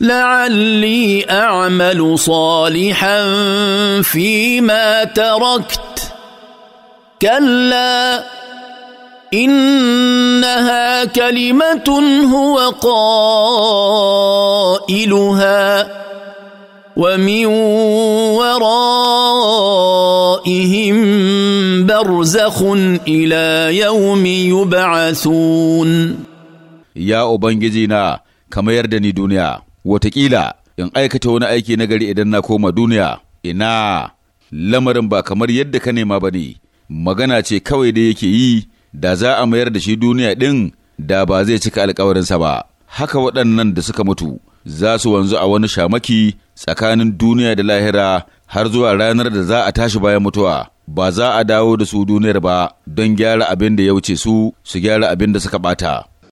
لعلي اعمل صالحا فيما تركت كلا انها كلمه هو قائلها ومن ورائهم برزخ الى يوم يبعثون يا أبنجزينا كما يردني دنيا watakila in aikata wani aiki na gari idan na koma duniya ina lamarin ba kamar yadda ka nema ba ne magana ce kawai da yake yi da za a mayar da shi duniya ɗin da ba zai cika alkawarinsa ba haka waɗannan da suka mutu za su wanzu a wani shamaki tsakanin duniya da lahira har zuwa ranar da za a tashi bayan mutuwa ba za a dawo da su duniyar ba don gyara abin da ya wuce su su gyara abin da suka ɓata.